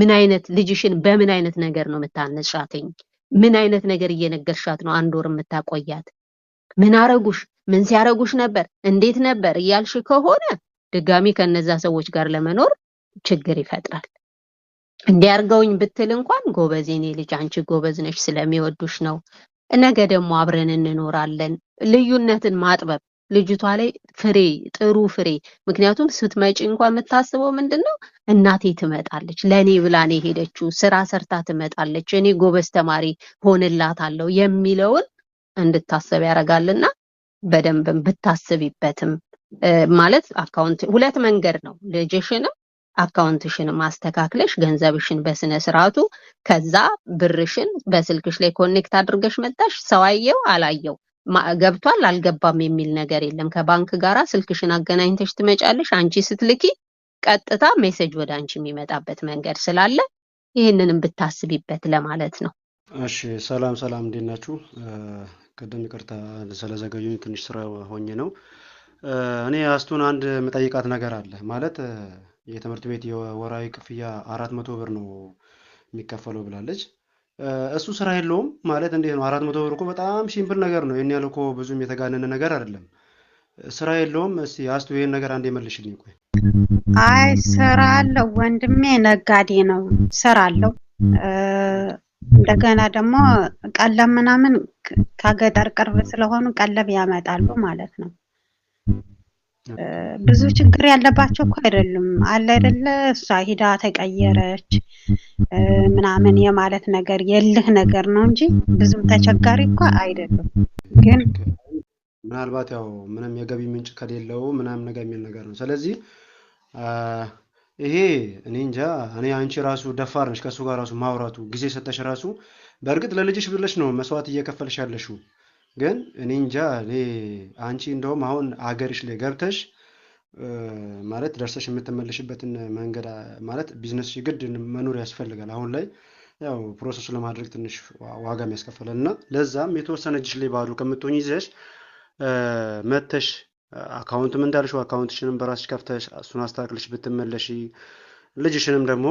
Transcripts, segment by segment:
ምን አይነት ልጅሽን በምን አይነት ነገር ነው የምታነጻትኝ? ምን አይነት ነገር እየነገርሻት ነው አንድ ወር የምታቆያት? ምን አረጉሽ? ምን ሲያረጉሽ ነበር? እንዴት ነበር እያልሽ ከሆነ ድጋሚ ከነዛ ሰዎች ጋር ለመኖር ችግር ይፈጥራል። እንዲያርገውኝ ብትል እንኳን ጎበዝ፣ የኔ ልጅ አንቺ ጎበዝ ነሽ፣ ስለሚወዱሽ ነው፣ ነገ ደግሞ አብረን እንኖራለን። ልዩነትን ማጥበብ ልጅቷ ላይ ፍሬ ጥሩ ፍሬ። ምክንያቱም ስትመጪ እንኳን የምታስበው ምንድን ነው እናቴ ትመጣለች ለእኔ ብላኔ ሄደችው ስራ ሰርታ ትመጣለች፣ እኔ ጎበዝ ተማሪ ሆንላታለሁ የሚለውን እንድታሰብ ያደርጋልና በደንብም ብታስቢበትም ማለት አካውንት ሁለት መንገድ ነው ልጅሽንም አካውንትሽን ማስተካክለሽ ገንዘብሽን በስነ ስርዓቱ ከዛ ብርሽን በስልክሽ ላይ ኮኔክት አድርገሽ መጣሽ። ሰው አየው አላየው ገብቷል አልገባም የሚል ነገር የለም። ከባንክ ጋራ ስልክሽን አገናኝተሽ ትመጫለሽ። አንቺ ስትልኪ ቀጥታ ሜሴጅ ወደ አንቺ የሚመጣበት መንገድ ስላለ ይህንንም ብታስቢበት ለማለት ነው። እሺ፣ ሰላም ሰላም፣ እንዴት ናችሁ? ቅድም ይቅርታ ስለዘገዩኝ ትንሽ ስራ ሆኜ ነው። እኔ አስቱን አንድ የምጠይቃት ነገር አለ። ማለት የትምህርት ቤት የወራዊ ክፍያ አራት መቶ ብር ነው የሚከፈለው ብላለች እሱ ስራ የለውም ማለት እንዴት ነው? አራት መቶ ብር እኮ በጣም ሲምፕል ነገር ነው። ይህን ያህል እኮ ብዙም የተጋነነ ነገር አይደለም። ስራ የለውም። እስቲ አስቱ ይህን ነገር አንዴ መልሽልኝ። ቆይ አይ ስራ አለው ወንድሜ፣ ነጋዴ ነው፣ ስራ አለው። እንደገና ደግሞ ቀለብ ምናምን ከገጠር ቅርብ ስለሆኑ ቀለብ ያመጣሉ ማለት ነው። ብዙ ችግር ያለባቸው እኮ አይደሉም። አለ አይደለ እሷ ሂዳ ተቀየረች ምናምን የማለት ነገር የልህ ነገር ነው እንጂ ብዙም ተቸጋሪ እኮ አይደሉም። ግን ምናልባት ያው ምንም የገቢ ምንጭ ከሌለው ምናምን ነገር የሚል ነገር ነው። ስለዚህ ይሄ እኔ እንጃ እኔ አንቺ ራሱ ደፋር ነች ከእሱ ጋር ራሱ ማውራቱ ጊዜ ሰጠሽ ራሱ በእርግጥ ለልጅሽ ብለሽ ነው መስዋዕት እየከፈልሽ ያለሽው ግን እኔ እንጃ እኔ አንቺ እንደውም አሁን አገርሽ ላይ ገብተሽ ማለት ደርሰሽ የምትመለሽበትን መንገድ ማለት ቢዝነስ ግድ መኖር ያስፈልጋል። አሁን ላይ ያው ፕሮሰሱ ለማድረግ ትንሽ ዋጋ የሚያስከፍላል እና ለዛም የተወሰነ እጅሽ ላይ ባዶ ከምትሆኝ ይዘሽ መተሽ አካውንትም እንዳልሽ አካውንትሽንም በራስሽ ከፍተሽ እሱን አስተካክልሽ ብትመለሽ ልጅሽንም ደግሞ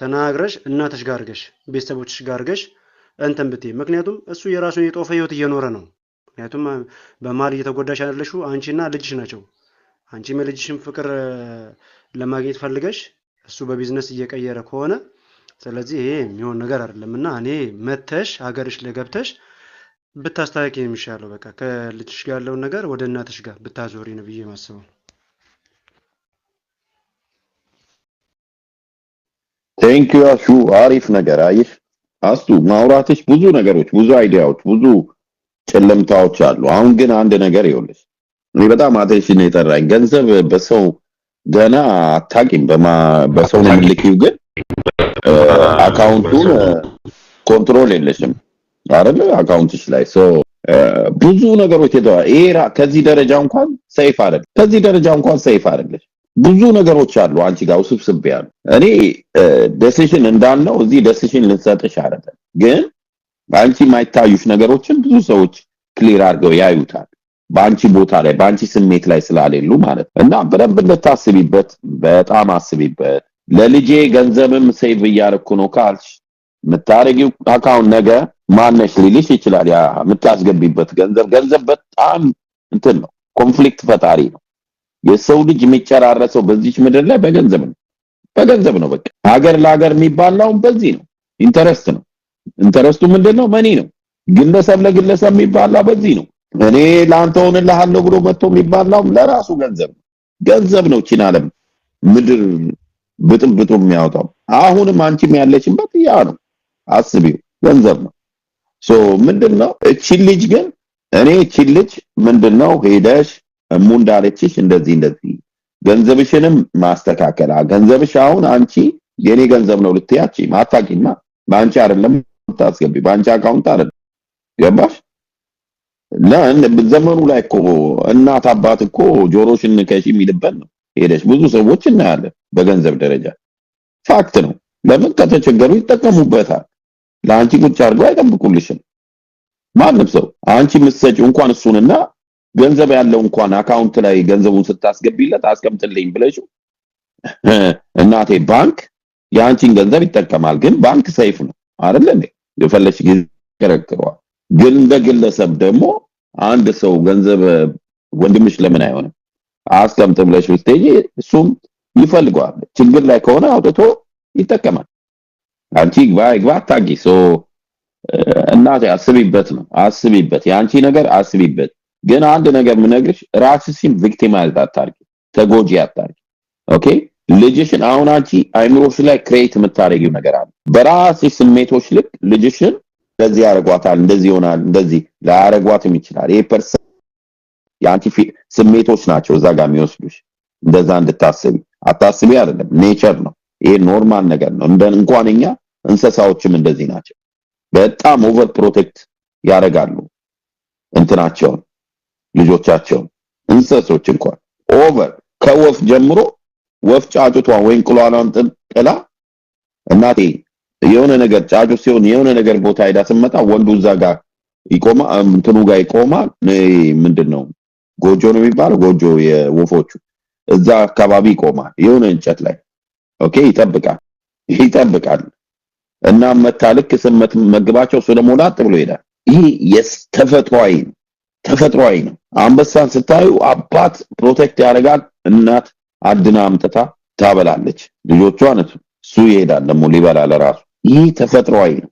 ተናግረሽ እናትሽ ጋር አድርገሽ ቤተሰቦችሽ ጋር አድርገሽ እንትን ብትይ። ምክንያቱም እሱ የራሱን የጦፈ ህይወት እየኖረ ነው። ምክንያቱም በማር እየተጎዳሽ ያለሽው አንቺና ልጅሽ ናቸው። አንቺም የልጅሽን ፍቅር ለማግኘት ፈልገሽ እሱ በቢዝነስ እየቀየረ ከሆነ ስለዚህ ይሄ የሚሆን ነገር አይደለም እና እኔ መተሽ ሀገርሽ ለገብተሽ ብታስተካኪ የሚሻለው በቃ ከልጅሽ ጋር ያለውን ነገር ወደ እናትሽ ጋር ብታዞሪ ነው ብዬ ማስበው። ዩ አሹ፣ አሪፍ ነገር አየሽ። አስቱ ማውራትሽ ብዙ ነገሮች፣ ብዙ አይዲያዎች፣ ብዙ ጨለምታዎች አሉ። አሁን ግን አንድ ነገር ይኸውልሽ፣ እኔ በጣም አቴንሽን የጠራኝ ገንዘብ በሰው ገና አታቂም በሰው ነው የምልኪው፣ ግን አካውንቱን ኮንትሮል የለሽም አረለ አካውንትሽ ላይ ብዙ ነገሮች ተደዋ ይሄ ከዚህ ደረጃ እንኳን ሰይፍ አይደለም ከዚህ ደረጃ እንኳን ሰይፍ አይደለም ብዙ ነገሮች አሉ አንቺ ጋር ውስብስብ ያሉ። እኔ ደሴሽን እንዳልነው እዚህ ደሴሽን ልንሰጥሽ አይደለም፣ ግን በአንቺ የማይታዩሽ ነገሮችን ብዙ ሰዎች ክሊር አድርገው ያዩታል። በአንቺ ቦታ ላይ በአንቺ ስሜት ላይ ስላሌሉ ማለት ነው። እና በደንብ እንድታስቢበት በጣም አስቢበት። ለልጄ ገንዘብም ሴቭ እያደረኩ ነው ካልሽ የምታረጊው አካውንት ነገ ማነሽ ሊልሽ ይችላል። ያ የምታስገቢበት ገንዘብ ገንዘብ በጣም እንትን ነው፣ ኮንፍሊክት ፈጣሪ ነው። የሰው ልጅ የሚጨራረሰው በዚች ምድር ላይ በገንዘብ ነው። በገንዘብ ነው። በቃ ሀገር ለሀገር የሚባላው በዚህ ነው። ኢንተረስት ነው። ኢንተረስቱ ምንድነው? መኒ ነው። ግለሰብ ለግለሰብ የሚባለው በዚህ ነው። እኔ ላንተውን ሆንልሃለሁ ብሎ መጥቶ የሚባላው ለራሱ ገንዘብ ነው። ገንዘብ ነው። ቺን አለም ምድር ብጥብጡ የሚያወጣው አሁንም አንቺም ያለችበት ያ ነው። አስቢው ገንዘብ ነው። ሶ ምንድነው እቺ ልጅ ግን እኔ እቺ ልጅ ምንድነው ሄደሽ እሙ እንዳለችሽ እንደዚህ እንደዚህ ገንዘብሽንም ማስተካከል ገንዘብሽ አሁን አንቺ የኔ ገንዘብ ነው ልትያቺ ማታቂና በአንቺ አይደለም ታስገቢ በአንቺ አካውንት አይደለም ገባሽ ለን በዘመኑ ላይ እኮ እናት አባት እኮ ጆሮሽን ከሺ የሚልበት ነው ሄደሽ ብዙ ሰዎች እናያለን በገንዘብ ደረጃ ፋክት ነው ለምን ከተቸገሩ ይጠቀሙበታል ለአንቺ ቁጭ አድርገው አይጠብቁልሽም ማንም ሰው አንቺ ምትሰጪው እንኳን እሱንና ገንዘብ ያለው እንኳን አካውንት ላይ ገንዘቡን ስታስገቢለት አስቀምጥልኝ ብለሽ እናቴ ባንክ የአንቺን ገንዘብ ይጠቀማል። ግን ባንክ ሰይፍ ነው አይደል እንዴ? የፈለሽ ይከረክረዋል። ግን እንደ ግለሰብ ደግሞ አንድ ሰው ገንዘብ ወንድምሽ ለምን አይሆንም አስቀምጥ ብለሽ ብትሄጂ እሱም ይፈልገዋል። ችግር ላይ ከሆነ አውጥቶ ይጠቀማል። አንቺ ግባ ግባ ታጊ ሶ እናቴ አስቢበት ነው አስቢበት፣ የአንቺ ነገር አስቢበት ግን አንድ ነገር ምነግርሽ ሲም ቪክቲም አታርጊ፣ ተጎጂ አታርጊ። ኦኬ ልጅሽን አሁን አንቺ አይምሮሽ ላይ ክሬት የምታደርጊው ነገር አለ። በራስ ስሜቶች ልክ ልጅሽን እንደዚህ ያደርጓታል፣ እንደዚህ ይሆናል፣ እንደዚህ ላያደርጓትም ይችላል። ይሄ ፐርሰን የአንቺ ስሜቶች ናቸው እዛ ጋር የሚወስዱሽ። እንደዛ እንድታስቢ አታስቢ አይደለም፣ ኔቸር ነው ይሄ ኖርማል ነገር ነው። እንደ እንኳን እኛ እንስሳዎችም እንደዚህ ናቸው። በጣም ኦቨር ፕሮቴክት ያደርጋሉ እንትናቸውን ልጆቻቸውን እንስሶች እንኳን ኦቨር ከወፍ ጀምሮ ወፍ ጫጩቷን ወይ እንቁላሏን ጥላ እናቴ የሆነ ነገር ጫጩት ሲሆን የሆነ ነገር ቦታ ሄዳ ስትመጣ ወንዱ እዛ ጋር ይቆማ እንትኑ ጋር ይቆማ ምንድን ነው ጎጆ ነው የሚባለው ጎጆ የወፎቹ እዛ አካባቢ ይቆማል። የሆነ እንጨት ላይ ኦኬ፣ ይጠብቃል ይጠብቃል እና መታ ልክ ስመት መግባቸው እሱ ደግሞ ላጥ ይሄዳል። ይሄ የተፈጥሯዊ ነው ተፈጥሯዊ ነው። አንበሳን ስታዩ አባት ፕሮቴክት ያደርጋል። እናት አድና አምጥታ ታበላለች ልጆቿን፣ እሱ ይሄዳል ደግሞ ሊበላ ለራሱ። ይህ ተፈጥሯዊ ነው።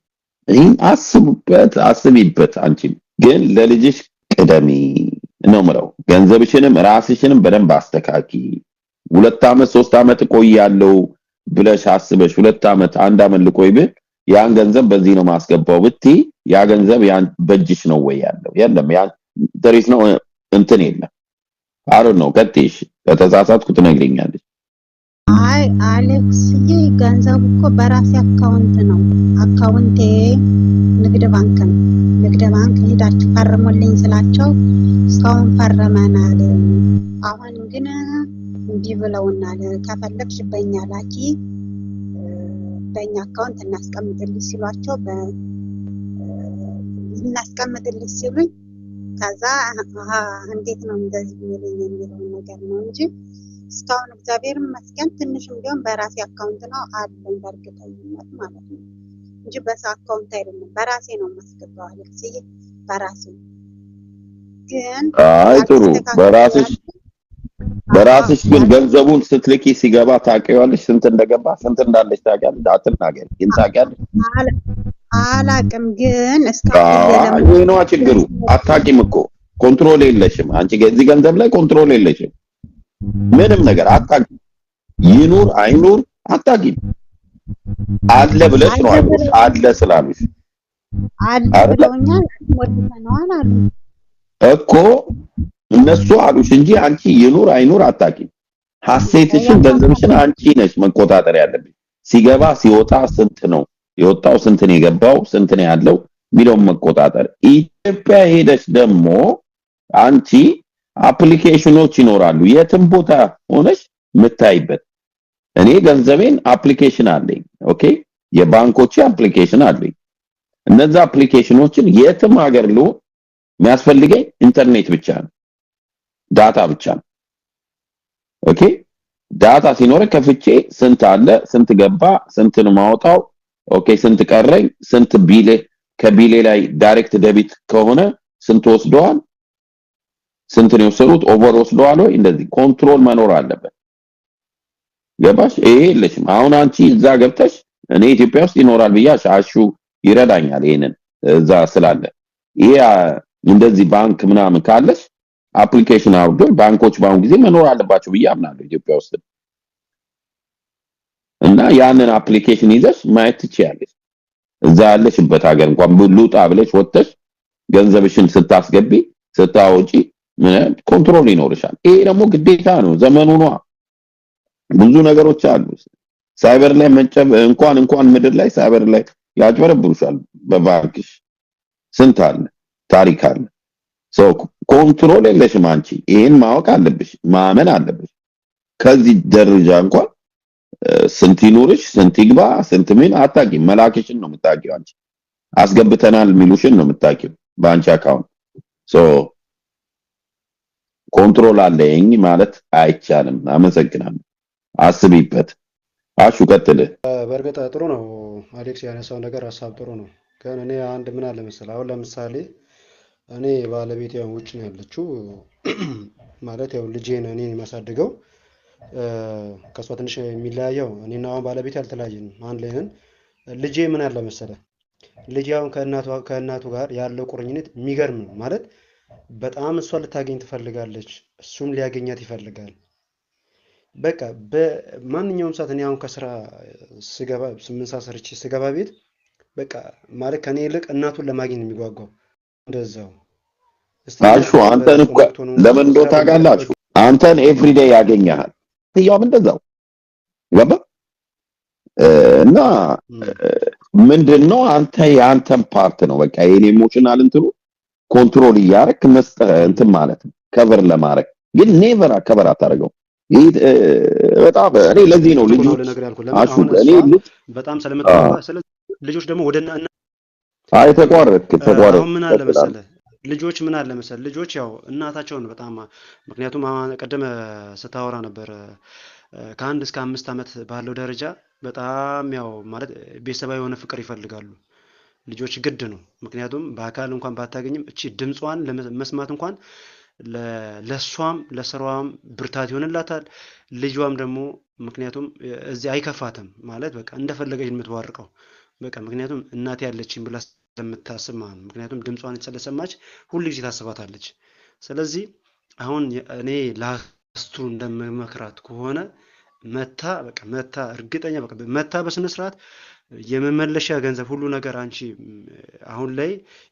ይህን አስቡበት፣ አስቢበት። አንቺ ግን ለልጅሽ ቅደሚ ነው ምለው። ገንዘብሽንም ራስሽንም በደንብ አስተካኪ። ሁለት ዓመት ሶስት ዓመት ያለው ብለሽ አስበሽ ሁለት ዓመት አንድ ዓመት ልቆይ ብል ያን ገንዘብ በዚህ ነው ማስገባው ብቲ ያ ገንዘብ ያን በእጅሽ ነው ወይ ያለው? የለም ያ እንትን የለም። አሩ ነው ቀጥይሽ፣ ከተሳሳትኩ ትነግሪኛለሽ። አይ አሌክስዬ፣ ገንዘቡ እኮ በራሴ አካውንት ነው። አካውንቴ ንግድ ባንክ ነው። ንግድ ባንክ ሄዳችሁ ፈርሞልኝ ስላቸው እስካሁን ፈርመናል፣ አሁን ግን እንዲብለውና ብለውናል፣ ከፈለግሽ በኛ ላኪ፣ በእኛ አካውንት እናስቀምጥልሽ ሲሏቸው እናስቀምጥልሽ ሲሉኝ ከዛ እንዴት ነው እንደዚህ የሚለኝ የሚለውን ነገር ነው እንጂ እስካሁን እግዚአብሔር ይመስገን ትንሽም ቢሆን በራሴ አካውንት ነው አለኝ በእርግጠኝነት ማለት ነው እንጂ በሰው አካውንት አይደለም። በራሴ ነው የማስገባው አለክስዬ፣ በራሴ ግን አይ ጥሩ በራሴ በራስሽ ግን ገንዘቡን ስትልኪ ሲገባ ታውቂዋለሽ? ስንት እንደገባ ስንት እንዳለሽ ታውቂያለሽ? አትናገሪ፣ ግን ታውቂያለሽ። አላቅም ግን እስካሁን ነዋ ችግሩ። አታቂም እኮ ኮንትሮል የለሽም አንቺ እዚህ ገንዘብ ላይ ኮንትሮል የለሽም። ምንም ነገር አታቂም። ይኑር አይኑር አታቂም። አለ ብለሽ ነው አይደል? አለ ስላሉሽ እኮ እነሱ አሉሽ እንጂ አንቺ ይኑር አይኑር አታቂም። ሀሴትሽን ገንዘብሽን አንቺ ነሽ መቆጣጠር ያለብሽ። ሲገባ ሲወጣ ስንት ነው የወጣው ስንትን የገባው ስንትን ያለው የሚለውን መቆጣጠር። ኢትዮጵያ ሄደች ደግሞ አንቺ አፕሊኬሽኖች ይኖራሉ፣ የትም ቦታ ሆነሽ ምታይበት? እኔ ገንዘቤን አፕሊኬሽን አለኝ፣ ኦኬ፣ የባንኮች አፕሊኬሽን አለኝ። እነዛ አፕሊኬሽኖችን የትም ሀገር ልሆን የሚያስፈልገኝ ኢንተርኔት ብቻ ነው፣ ዳታ ብቻ ነው። ኦኬ ዳታ ሲኖረ ከፍቼ ስንት አለ ስንት ገባ ስንትን ማውጣው ኦኬ ስንት ቀረኝ? ስንት ቢሌ ከቢሌ ላይ ዳይሬክት ደቢት ከሆነ ስንት ወስደዋል? ስንት ነው የወሰዱት? ኦቨር ወስደዋል ወይ? እንደዚህ ኮንትሮል መኖር አለበት። ገባሽ? ይሄ የለሽም። አሁን አንቺ እዛ ገብተሽ እኔ ኢትዮጵያ ውስጥ ይኖራል ብዬ አሹ ይረዳኛል። ይሄንን እዛ ስላለ ይሄ እንደዚህ ባንክ ምናምን ካለሽ አፕሊኬሽን አውርዶ ባንኮች በአሁን ጊዜ መኖር አለባቸው ብዬ አምናለሁ ኢትዮጵያ ውስጥ እና ያንን አፕሊኬሽን ይዘሽ ማየት ትችያለሽ። እዛ ያለሽበት ሀገር እንኳን ብሉጣ ብለሽ ወጥተሽ ገንዘብሽን ስታስገቢ ስታወጪ ኮንትሮል ይኖርሻል። ይሄ ደግሞ ግዴታ ነው። ዘመኑ ነው። ብዙ ነገሮች አሉ። ሳይበር ላይ መጨብ እንኳን እንኳን ምድር ላይ ሳይበር ላይ ያጭበረብሩሻል። በባንክሽ ስንት አለ ታሪክ አለ። ሶ ኮንትሮል የለሽም አንቺ። ይሄን ማወቅ አለብሽ፣ ማመን አለብሽ። ከዚህ ደረጃ እንኳን ስንት ይኑርሽ፣ ስንት ይግባ፣ ስንት ምን አታቂ መላክሽን ነው የምታውቂው አንቺ። አስገብተናል ሚሉሽን ነው የምታውቂው በአንቺ አካውንት። ሶ ኮንትሮል አለኝ ማለት አይቻልም። አመሰግናለሁ። አስቢበት። አሹ ቀጥል። በእርግጥ ጥሩ ነው አሌክስ ያነሳው ነገር ሀሳብ ጥሩ ነው። ግን እኔ አንድ ምን አለ መሰለህ አሁን ለምሳሌ እኔ ባለቤት ያው ውጭ ነው ያለችው ማለት ያው ልጄን እኔ የማሳድገው ከእሷ ትንሽ የሚለያየው እኔና አሁን ባለቤት ያልተለያየን አንድ ላይ ነን። ልጄ ምን አለ መሰለ ልጄ አሁን ከእናቱ ጋር ያለው ቁርኝነት የሚገርም ነው። ማለት በጣም እሷ ልታገኝ ትፈልጋለች፣ እሱም ሊያገኛት ይፈልጋል። በቃ በማንኛውም ሰዓት እኔ አሁን ከስራ ስገባ ስምንት ሰዓት ሰርቼ ስገባ ቤት በቃ ማለት ከእኔ ይልቅ እናቱን ለማግኘት የሚጓጓው እንደዛው አሹ አንተን ለምን እንደው ታውቃለህ፣ አንተን ኤቭሪዴይ ያገኘሃል። ጥያውም እንደዛው ገባ እና ምንድነው አንተ የአንተን ፓርት ነው በቃ የኔ ኢሞሽናል እንትኑ ኮንትሮል እያደረክ መስጠ እንትን ማለት ነው ከቨር ለማድረግ ግን ኔቨር ከቨር አታደርገው። በጣም እኔ ለዚህ ነው ልጁ አሹ እኔ ልጅ በጣም ስለምትባ ስለዚህ ልጆች ደግሞ ወደ እና አይ ተቋረጥክ ተቋረጥክ። ምን አለ መሰለህ ልጆች ምን አለ መሰል ልጆች ያው እናታቸውን በጣም ምክንያቱም ቀደም ስታወራ ነበር ከአንድ እስከ አምስት ዓመት ባለው ደረጃ በጣም ያው ማለት ቤተሰባዊ የሆነ ፍቅር ይፈልጋሉ ልጆች ግድ ነው። ምክንያቱም በአካል እንኳን ባታገኝም እቺ ድምጿን መስማት እንኳን ለእሷም ለስራዋም ብርታት ይሆንላታል። ልጇም ደግሞ ምክንያቱም እዚህ አይከፋትም ማለት በቃ እንደፈለገች የምትዋርቀው በቃ ምክንያቱም እናቴ ያለችኝ ብላ ስለምታስብ ማለት ነው። ምክንያቱም ድምጿን ስለሰማች ሁል ጊዜ ታስባታለች። ስለዚህ አሁን እኔ ላስቱ እንደምመክራት ከሆነ መታ በቃ መታ እርግጠኛ በቃ መታ በስነ ስርዓት የመመለሻ ገንዘብ ሁሉ ነገር አንቺ አሁን ላይ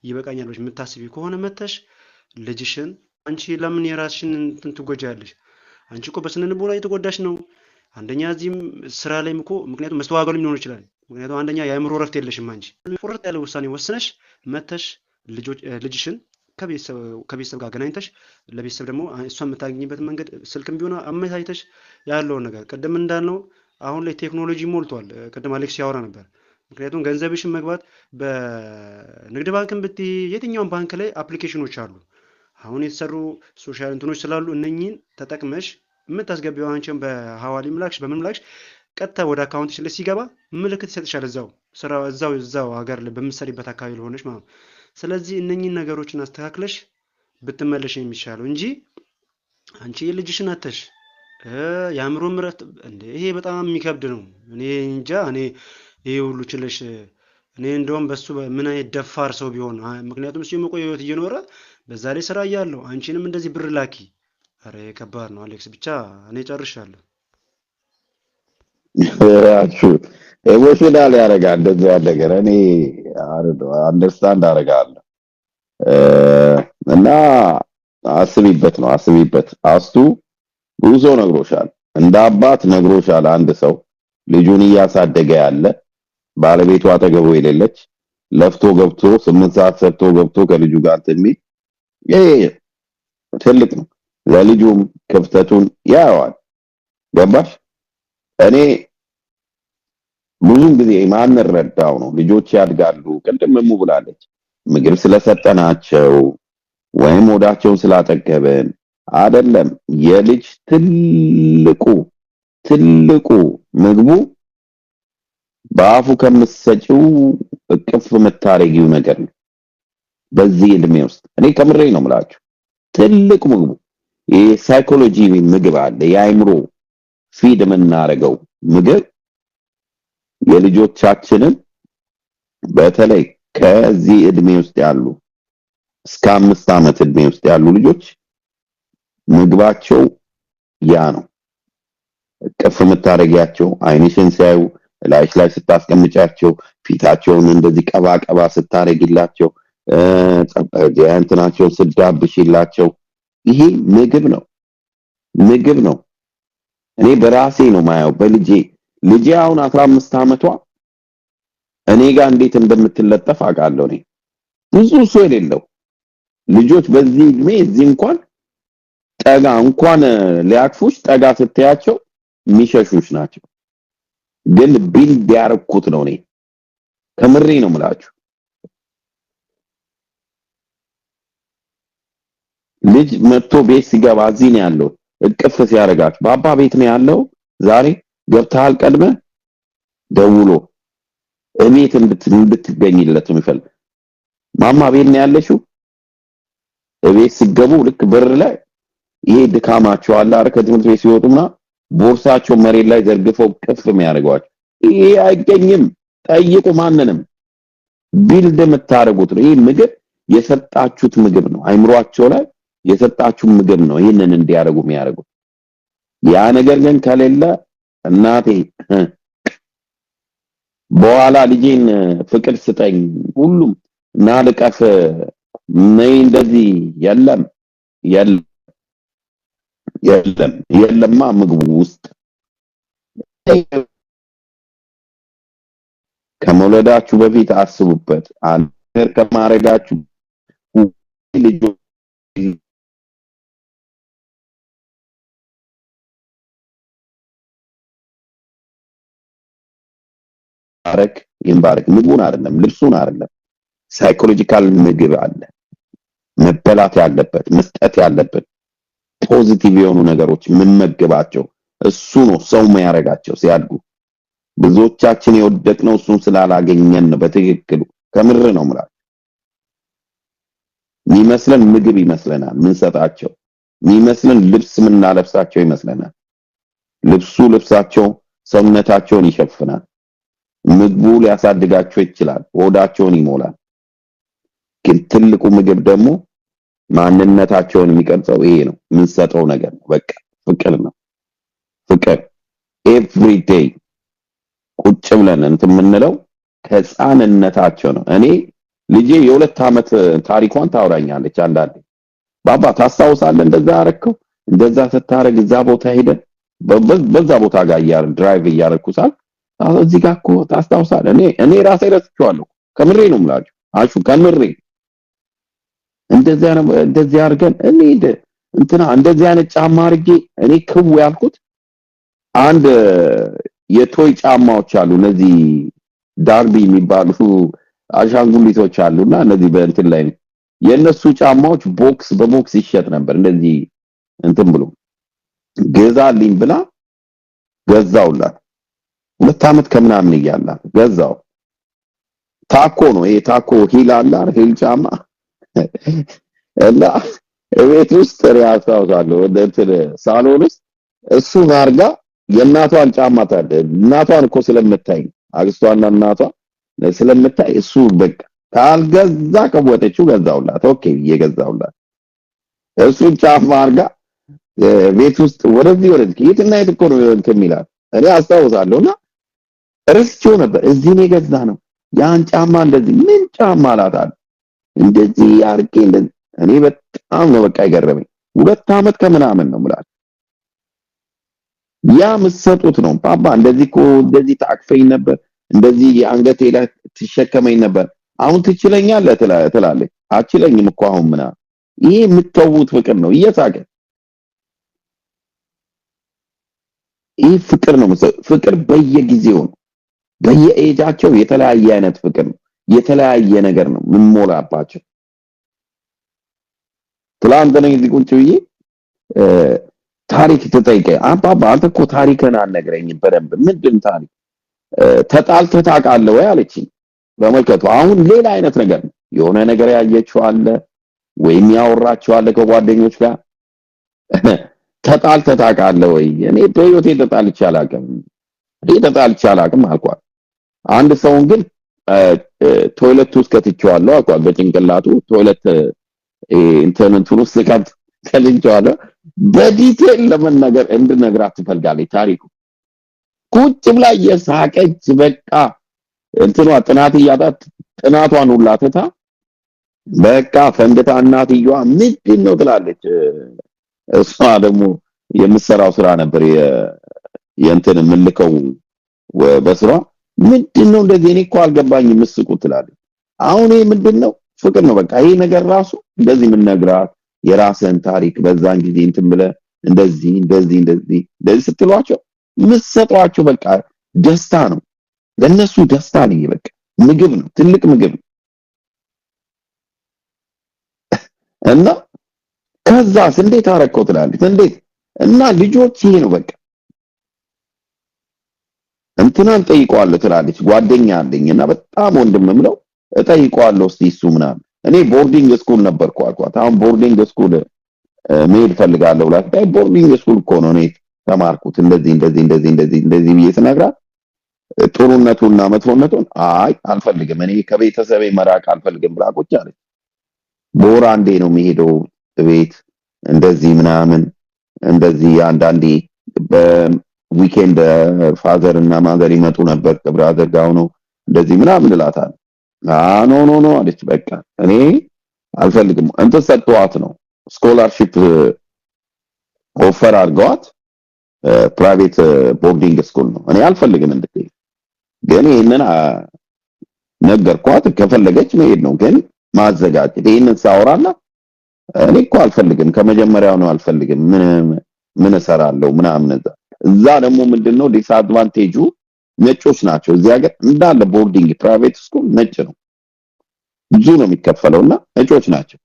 ይበቃኛል ብለሽ የምታስቢ ከሆነ መተሽ ልጅሽን አንቺ ለምን የራስሽን እንትን ትጎጃለሽ? አንቺ እኮ በስነ ልቦና እየተጎዳሽ ነው። አንደኛ እዚህም ስራ ላይም እኮ ምክንያቱም መስተዋገሉ ሊሆን ይችላል ምክንያቱም አንደኛ የአእምሮ ረፍት የለሽም አንቺ። ቁርጥ ያለ ውሳኔ ወስነሽ መተሽ ልጅሽን ከቤተሰብ ጋር አገናኝተሽ ለቤተሰብ ደግሞ እሷ የምታገኝበት መንገድ ስልክም ቢሆን አመቻችተሽ ያለውን ነገር ቅድም እንዳልነው አሁን ላይ ቴክኖሎጂ ሞልቷል። ቅድም አሌክስ ያወራ ነበር። ምክንያቱም ገንዘብሽን መግባት በንግድ ባንክን ብትይ የትኛውን ባንክ ላይ አፕሊኬሽኖች አሉ። አሁን የተሰሩ ሶሻል እንትኖች ስላሉ እነኚህን ተጠቅመሽ የምታስገቢው አንቺን በሀዋሊ ምላክሽ በምን ምላክሽ ቀጥታ ወደ አካውንት ላይ ሲገባ ምልክት ይሰጥሻል። እዛው ስራ እዛው እዛው ሀገር በምትሰሪበት አካባቢ ለሆነች ማለት ነው። ስለዚህ እነኚህን ነገሮችን አስተካክለሽ ብትመለሽ የሚሻለው እንጂ አንቺ የልጅሽን አተሽ የአእምሮ ምረት እንደ ይሄ በጣም የሚከብድ ነው። እኔ እንጃ እኔ ይሄ ሁሉ ችለሽ እኔ እንደውም በሱ ምን አይነት ደፋር ሰው ቢሆን ምክንያቱም እሱ የመቆየ ህይወት እየኖረ በዛ ላይ ስራ እያለው አንቺንም እንደዚህ ብር ላኪ። ኧረ ከባድ ነው አሌክስ። ብቻ እኔ ጨርሻለሁ። ኤሞሽናል ያደርጋል። እንደዚህ ያለ ነገር እኔ አንደርስታንድ አደርጋለሁ እና አስቢበት ነው አስቢበት። አስቱ ብዙ ሰው ነግሮሻል፣ እንደ አባት ነግሮሻል። አንድ ሰው ልጁን እያሳደገ ያለ ባለቤቱ አጠገቡ የሌለች ለፍቶ ገብቶ ስምንት ሰዓት ሰርቶ ገብቶ ከልጁ ጋር ትሚል ትልቅ ነው። ለልጁም ክፍተቱን ያየዋል። ገባሽ? እኔ ብዙም ጊዜ ማንረዳው ነው። ልጆች ያድጋሉ። ቅድም እሙ ብላለች፣ ምግብ ስለሰጠናቸው ወይም ወዳቸውን ስላጠገብን አይደለም። የልጅ ትልቁ ትልቁ ምግቡ በአፉ ከምትሰጪው እቅፍ የምታረጊው ነገር ነው። በዚህ እድሜ ውስጥ እኔ ከምሬ ነው ምላችሁ ትልቅ ምግቡ የሳይኮሎጂ ምግብ አለ የአይምሮ ፊድ የምናደርገው ምግብ የልጆቻችንን በተለይ ከዚህ እድሜ ውስጥ ያሉ እስከ አምስት ዓመት እድሜ ውስጥ ያሉ ልጆች ምግባቸው ያ ነው። እቅፍ የምታደርጊያቸው አይንሽን ሲያዩ ላይሽ ላይ ስታስቀምጫቸው ፊታቸውን እንደዚህ ቀባቀባ ስታደርጊላቸው እንትናቸው ስዳብሽላቸው ይሄ ምግብ ነው ምግብ ነው። እኔ በራሴ ነው ማየው በልጄ ልጄ አሁን 15 አመቷ እኔ ጋር እንዴት እንደምትለጠፍ አውቃለሁ። እኔ ብዙ ሰው የሌለው ልጆች በዚህ እድሜ እዚህ እንኳን ጠጋ እንኳን ሊያቅፉሽ ጠጋ ስትያቸው የሚሸሹሽ ናቸው። ግን ቢል ቢያርኩት ነው እኔ ከምሬ ነው የምላችሁ። ልጅ መጥቶ ቤት ሲገባ እዚህ ነው ያለው እቅፍ ሲያረጋት በአባ ቤት ነው ያለው። ዛሬ ገብተሃል ቀድመ ደውሎ እቤት እንድትገኝለት ነው የሚፈልግ። ማማ ቤት ነው ያለችው። እቤት ሲገቡ ልክ በር ላይ ይሄ ድካማቸው አለ አረ ከትምህርት ቤት ሲወጡና ቦርሳቸው መሬት ላይ ዘርግፈው ቅፍ የሚያደርጓቸው ይሄ አይገኝም። ጠይቁ ማንንም ቢልድ የምታደርጉት ነው። ይሄ ምግብ የሰጣችሁት ምግብ ነው። አይምሯቸው ላይ የሰጣችሁ ምግብ ነው ይህንን እንዲያደርጉ የሚያደርጉት። ያ ነገር ግን ከሌለ እናቴ በኋላ ልጄን ፍቅር ስጠኝ፣ ሁሉም ና ልቀፍ፣ ነይ እንደዚህ የለም የለም የለማ ምግቡ ውስጥ ከመውለዳችሁ በፊት አስቡበት። አንድ ከማረጋችሁ ልጅ ባረክ ይባረክ። ምግቡን አይደለም ልብሱን አይደለም ሳይኮሎጂካል ምግብ አለ መበላት ያለበት መስጠት ያለበት ፖዚቲቭ የሆኑ ነገሮች የምንመገባቸው እሱ ነው ሰው የሚያረጋቸው ሲያድጉ። ብዙዎቻችን የወደቅነው እሱን ስላላገኘን ነው። በትክክሉ ከምር ነው ማለት የሚመስለን ምግብ ይመስለናል ምንሰጣቸው፣ የሚመስለን ልብስ ምናለብሳቸው ይመስለናል። ልብሱ ልብሳቸው ሰውነታቸውን ይሸፍናል። ምግቡ ሊያሳድጋቸው ይችላል፣ ወዳቸውን ይሞላል። ግን ትልቁ ምግብ ደግሞ ማንነታቸውን የሚቀርጸው ይሄ ነው። የምንሰጠው ነገር ነው። በቃ ፍቅር ነው። ፍቅር ኤቭሪ ዴይ ቁጭ ብለን እንትን የምንለው ከህፃንነታቸው ነው። እኔ ልጄ የሁለት ዓመት ታሪኳን ታውራኛለች። አንዳንዴ ባባ ታስታውሳለ እንደዛ አረከው እንደዛ ስታረግ እዛ ቦታ ሄደ በዛ ቦታ ጋር ድራይቭ እያደረግኩ ሳል እዚህ ጋር እኮ ታስታውሳለህ። እኔ እኔ ራሴ ረስቼዋለሁ። ከምሬ ነው የምላችሁ አሹ ከምሬ እንደዚያ ነው እንደዚያ አርገን እኔ እንትና እንደዚህ አይነት ጫማ አርጌ እኔ ክው ያልኩት አንድ የቶይ ጫማዎች አሉ እነዚህ ዳርቢ የሚባሉ አሻንጉሊቶች አሉና እነዚህ በእንትን ላይ የነሱ ጫማዎች ቦክስ በቦክስ ይሸጥ ነበር። እንደዚህ እንትን ብሎ ገዛልኝ ብላ ገዛውላት ሁለት አመት ከምናምን እያላት ገዛው። ታኮ ነው ይሄ ታኮ ሂል አለ ሂል ጫማ እና ቤት ውስጥ ያስታውሳለሁ እንትን ሳሎን ውስጥ እሱን አድርጋ የእናቷን ጫማ ታደ እናቷን እኮ ስለምታይ አግስቷና እናቷ ስለምታይ እሱ በቃ ካልገዛ ከወጠችው ገዛውላት። ኦኬ እየገዛውላት እሱን ጫማ አርጋ ቤት ውስጥ ወደዚህ ወደዚህ የትና የት እኮ ነው እንትን የሚላት እኔ አስታውሳለሁና ረስቼው ነበር። እዚህ ነው የገዛ ነው ያን ጫማ እንደዚህ ምን ጫማ አላታል እንደዚህ አርቄ እኔ በጣም ነው በቃ የገረመኝ። ሁለት አመት ከምናምን ነው ሙላት ያ ምሰጡት ነው ፓፓ እንደዚህ ኮ እንደዚህ ታቅፈኝ ነበር እንደዚህ አንገቴ ላይ ትሸከመኝ ነበር። አሁን ትችለኛለ ትላለ አችለኝም እኮ አሁን ምናምን ይሄ የምትተውት ፍቅር ነው እየሳቀ ይህ ፍቅር ነው። ፍቅር በየጊዜው ነው። በየኤጃቸው የተለያየ አይነት ፍቅር ነው፣ የተለያየ ነገር ነው ምን ሞላባቸው ትላንት ነኝ እዚህ ቁጭ ታሪክ ተጠይቀ አባባ አንተ እኮ ታሪክን አነግረኝ በደንብ ምንድን ታሪክ ተጣልተህ ታውቃለህ ወይ አለችኝ። በመልከቱ አሁን ሌላ አይነት ነገር ነው። የሆነ ነገር ያየችው አለ ወይም ያወራችው አለ ከጓደኞች ጋር ተጣልተህ ታውቃለህ ወይ? እኔ በህይወቴ ተጣልቼ አላውቅም። እኔ ተጣልቼ አላውቅም አልኳት። አንድ ሰውን ግን ቶይለት ውስጥ ከትቼዋለሁ አቋል በጭንቅላቱ ቶይለት እንትን እንትን ውስጥ ከት ከልንቸዋለሁ በዲቴል ለመናገር እንድነግራት ትፈልጋለች። ታሪኩ ቁጭ ብላ የሳቀች በቃ እንትኗ ጥናት እያጣት ጥናቷን ሁላ ትታ በቃ ፈንድታ እናትየዋ ምንድን ነው ትላለች። እሷ ደግሞ የምትሰራው ስራ ነበር የእንትን የምልከው በስሯ ምንድን ነው እንደዚህ? እኔ እኮ አልገባኝ ምስቁ ትላለች። አሁን ይሄ ምንድን ነው? ፍቅር ነው በቃ። ይሄ ነገር ራሱ እንደዚህ የምነግራት የራስን ታሪክ በዛን ጊዜ እንትን ብለህ እንደዚህ እንደዚህ እንደዚህ እንደዚህ ስትሏቸው ምሰጧቸው በቃ ደስታ ነው ለነሱ ደስታ ነው። በቃ ምግብ ነው፣ ትልቅ ምግብ ነው። እና ከዛስ እንዴት አረከው ትላለች። እንዴት እና ልጆች ይሄ ነው በቃ እንትናን ጠይቀዋለሁ ትላለች። ጓደኛ አለኝና በጣም ወንድም ምለው እጠይቀዋለሁ። እስቲ እሱ ምናምን እኔ ቦርዲንግ ስኩል ነበርኩ አልኳት። አሁን ቦርዲንግ ስኩል መሄድ ፈልጋለሁ ብላት ቦርዲንግ ስኩል እኮ ነው እኔ ተማርኩት እንደዚህ እንደዚህ እንደዚህ እንደዚህ እንደዚህ ብዬ ስነግራት ጥሩነቱና መጥፎነቱን አይ አልፈልግም፣ እኔ ከቤተሰብ መራቅ አልፈልግም ብላ ቁጭ አለች። በወር አንዴ ነው የሚሄደው ቤት እንደዚህ ምናምን እንደዚህ አንዳንዴ ዊኬንድ ፋዘር እና ማዘር ይመጡ ነበር ክብር አድርጋው ነው እንደዚህ ምናምን እላታለሁ። ኖ ኖ ኖ አለች። በቃ እኔ አልፈልግም። እንት ሰጥቷት ነው ስኮላርሺፕ ኦፈር አድርገዋት ፕራይቬት ቦርዲንግ ስኩል ነው። እኔ አልፈልግም እንድትሄድ ግን ይህንን ነገርኳት። ከፈለገች መሄድ ነው ግን ማዘጋጀት ይህንን ሳወራና እኔ እኮ አልፈልግም ከመጀመሪያው ነው አልፈልግም ምን ምን እሰራለሁ ምናምን እዛ እዛ ደግሞ ምንድነው ዲስአድቫንቴጁ ነጮች ናቸው። እዚህ ሀገር እንዳለ ቦርዲንግ ፕራይቬት ስኩል ነጭ ነው፣ ብዙ ነው የሚከፈለው እና ነጮች ናቸው።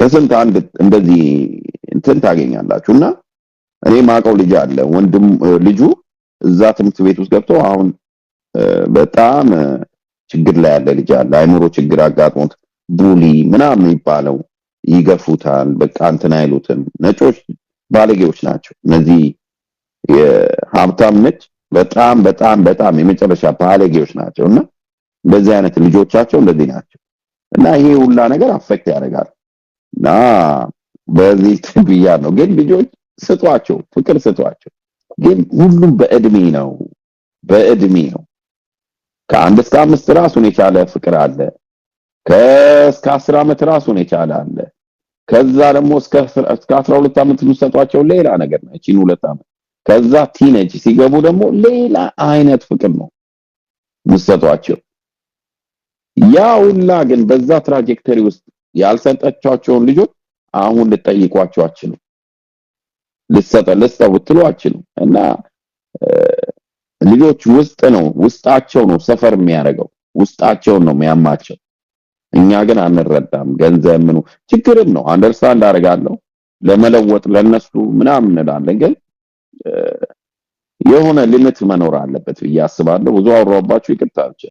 ከስንት አንድ እንደዚህ እንትን ታገኛላችሁ። እና እኔ ማውቀው ልጅ አለ ወንድም ልጁ እዛ ትምህርት ቤት ውስጥ ገብቶ አሁን በጣም ችግር ላይ ያለ ልጅ አለ። አይምሮ ችግር አጋጥሞት ቡሊ ምናምን የሚባለው ይገፉታል። በቃ እንትን አይሉትም ነጮች ባለጌዎች ናቸው። እነዚህ የሀብታም ነች በጣም በጣም በጣም የመጨረሻ ባለጌዎች ናቸው እና እንደዚህ አይነት ልጆቻቸው እንደዚህ ናቸው እና ይሄ ሁላ ነገር አፌክት ያደርጋል እና በዚህ ትብያ ነው። ግን ልጆች ስጧቸው፣ ፍቅር ስጧቸው። ግን ሁሉም በእድሜ ነው በእድሜ ነው። ከአንድ እስከ አምስት ራሱን የቻለ ፍቅር አለ። ከእስከ አስር ዓመት ራሱን የቻለ አለ። ከዛ ደግሞ እስከ እስከ 12 አመት የምትሰጧቸው ሌላ ነገር ነው። እቺን ሁለት አመት ከዛ ቲኔጅ ሲገቡ ደግሞ ሌላ አይነት ፍቅር ነው የምትሰጧቸው። ያ ሁላ ግን በዛ ትራጀክተሪ ውስጥ ያልሰጠቻቸውን ልጆች አሁን ልጠይቋቸው አችሉ ልሰጠ ልሰው ትሉ አችሉ እና ልጆች ውስጥ ነው ውስጣቸው ነው ሰፈር የሚያደርገው ውስጣቸውን ነው የሚያማቸው። እኛ ግን አንረዳም። ገንዘብ ምኑ ችግርም ነው አንደርስታንድ አደርጋለሁ። ለመለወጥ ለነሱ ምናምን እንላለን፣ ግን የሆነ ሊሚት መኖር አለበት ብዬ አስባለሁ። ብዙ አውራባችሁ ይቅርታ ብቻ